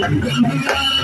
頑張れ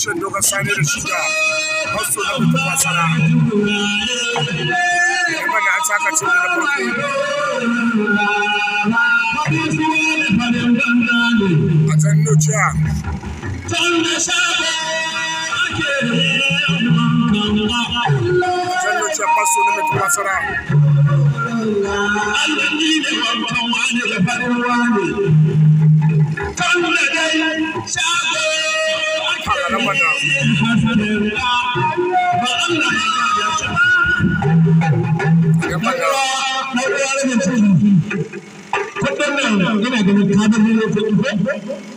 shan dogon sani da shi da hasso na mutum masara ya mana an saka da farko a can nuciya a can nuciya hasso na mutum masara Allah ne wankan wani da farin nan ba nan yana ganin kadin ne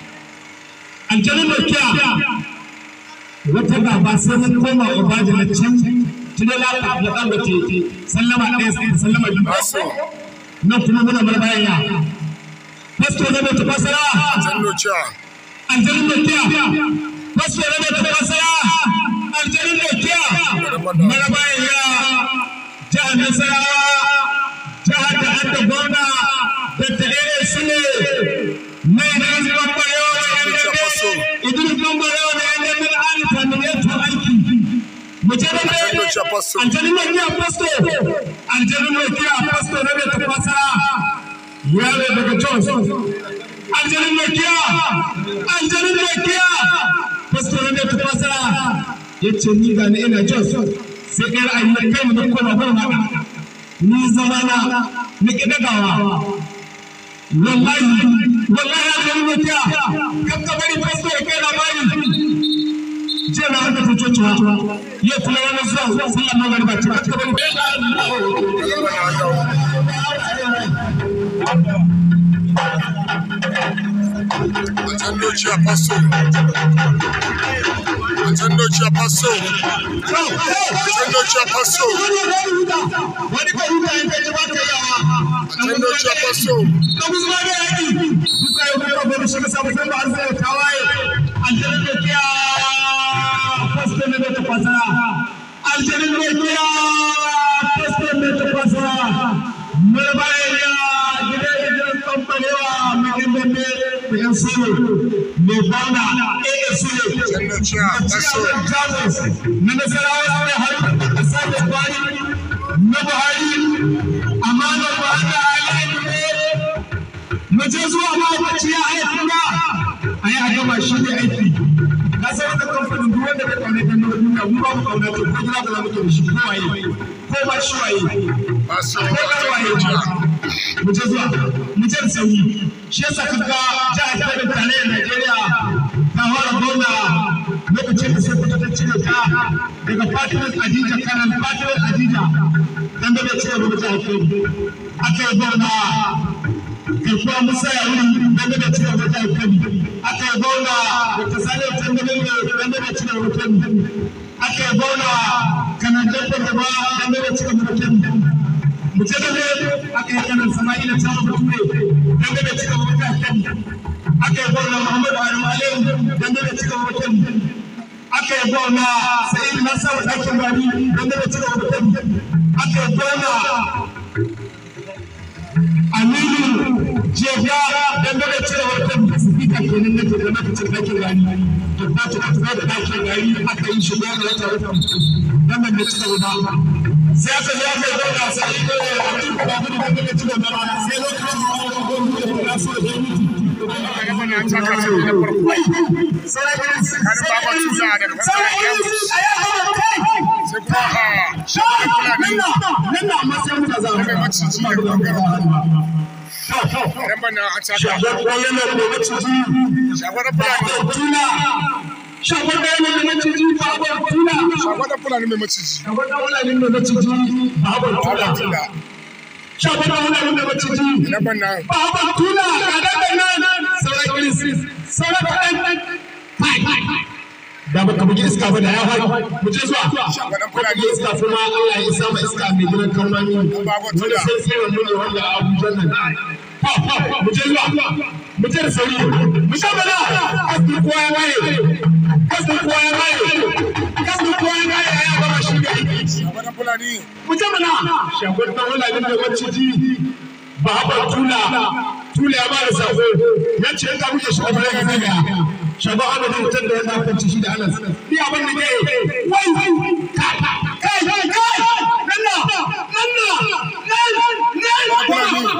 aljanin nokiya wata ba sai mun koma ubaji na can tunai lafa da ɗan da ce sallama ɗaya sai sallama biyu na kuma muna marbayan ya pasto na fasara tafasara aljanin nokiya apostle. Angelino ki apostle. Angelino ki apostle ne ta fasa. Yare daga Jos. Angelino ki Angelino ki pastor ne ta fasa. Yace ni ga ni ina Jos. Sai kai ra'ayi kai mun koma ba ma. Ni zama na ni kidagawa. Wallahi wallahi Angelino ki kan ka bari pastor kai labari. Jira haka cuwa yau kuma ta faso faso faso faso tafasa aljanin mai kira fasfon mai tafasa mai bayan ya gida gidan kamfanewa mai gidan ne mai sulu mai bana ɗaya sulu na nasarawa mai harkar ƙasa da bani na buhari amana buhari alayi ne mace zuwa ma wacce ya haifi ba a yi a gaba shi ne aiki ka san wannan kamfanin duk wanda ka kaune kan nuna duniya mu ba mu kauna ko ko gina da muke shi ko waye ko ba shi waye ba su ko ka waye mu je zuwa mu je sauyi shi yasa ta jihar tare tarayyar Najeriya ta fara gona lokacin da sai ta cire ta daga Fatimas Adija kanan Fatimas Adija dan da cire mu jihar Kebbi aka gona karkuwa musa ya wuri dan da cire mu jihar aka yi bauna da ta sale tambayin da wanda da cire mutum aka yi bauna kana dabba da ba wanda da cire mutum mutum ne aka yi kanan sama'ila ta mutum ne wanda da cire mutum aka yi bauna muhammadu alim alim wanda da cire mutum aka yi bauna sa'id nasar ɗakin bari wanda da cire mutum aka yi bauna aminu jefiya wanda da cire mutum da gwamnati da lokacin dakin rani da ba ta fito da dakin rani aka yi shi goma wata wata wannan ne cika guda sai aka zo aka gwada sai ko da gudu da gudu cika guda sai lokacin da aka gwada da so da Sai kuma na shi ne kula ne, nan na matsayin da na a kai maciji da kuma na hannu. Remember maciji. maciji. maciji. da baka bugi iska ba da ya hau mu je zuwa bugi iska kuma Allah ya isa ma iska mai gidan kalmani wani sai sai wannan wanda Abuja mu je zuwa mu je bala kasdin kowa ya waye kasdin kowa ya waye kasdin kowa ya waye ya gama shi ga aiki mu je bala shagon dan wani da maciji ba haɓar tula tula ya bada ya ce yanka muke shi kwatar da mutum da ya zafanci shi da anas ni abin da ke wai kai kai kai nan na nan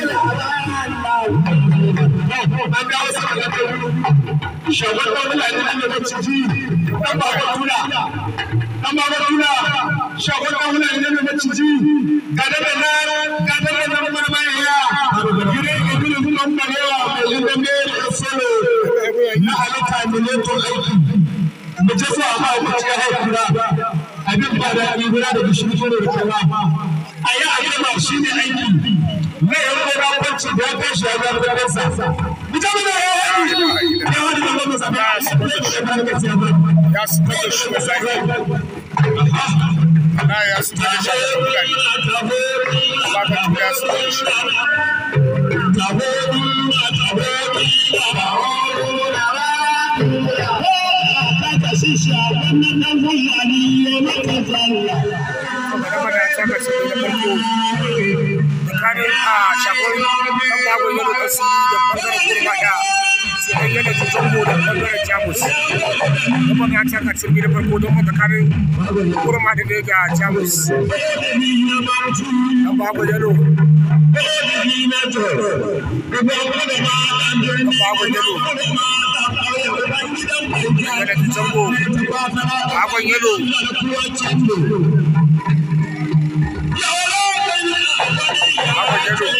an dawo sama da kai shagwagwa ciki dan baba tuna dan baba tuna shagwagwa mutane an daga ciki ga daga nan ga daga mai ya gire ke kuma mun da yawa mai ne solo na halitta mileto aiki mu je so amma ku abin ba da abin guda da bishiri ne da a yi abin ba shi ne aiki na ce da ya tashi ya zama da ya na ya ya su da bangaren kurmaka sai an yana tutan mu da bangaren jamus kuma ga ta ka cikin gidan farko don matakarin kurma da ga jamus dan babu yalo dan babu yalo yana tutan mu bakon yalo bakon yalo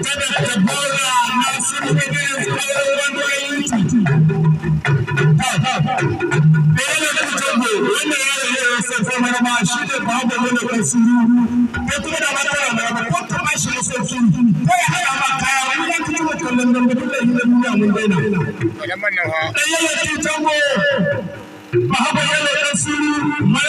kada ta bora na sun gani tsarin wani da ya ma shi ba suru da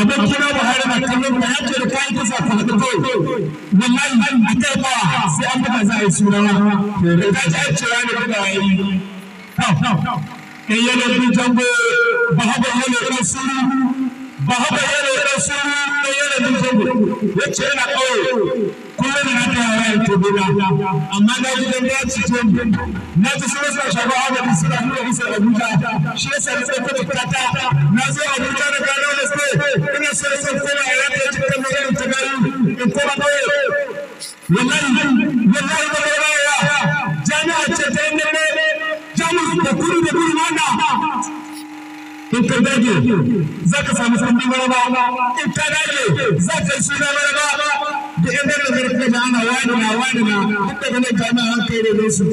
abokina Buhari na kallon da ya ce da kayan kasa wallahi ba sai an buga za a yi suna da ta ce cewa ne buga ya yi yana yana ba yana wacce yana ƙauye kullum na ta yawa yin tobina amma na ji dan ya ci ce na ji sun rasa da haka suna nuna isa abuja shi yasa na sai kuma tata na zo abuja da gano da sai ina so da son koma a yata ya cikin maganin ta gari in koma ƙauye wallahi wallahi ba ba ya jami'a ce ta yi nemo jami'a da kuri da kuri mana in ka dage samu kundin maraba in ka dage za ka yi suna da yan da zarfi da ana wani na wani na har daga nan jami'a an kai da su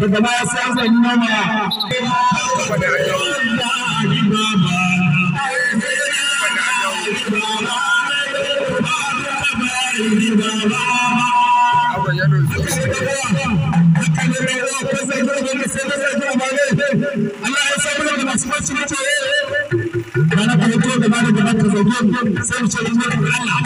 daga baya sai an zanyi nama Allah ya samu da masu masu ka zage sai mu ce in Allah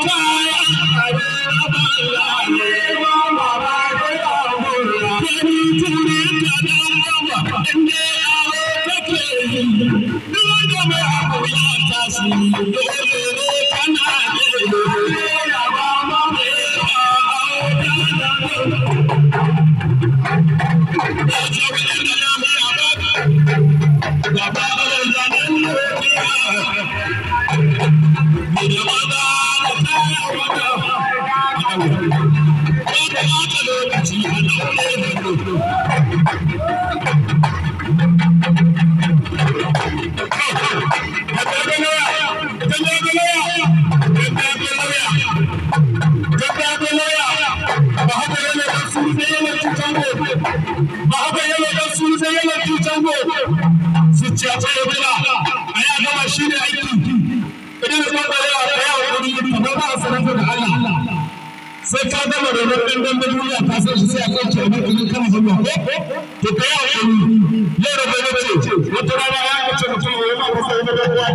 I'm not sai ka gama ronon ɗan dambe duniya ka san shi sai a kai kyau ne idan kana yau da gobe ce wata rana ya kace mutum ya yi ma kusa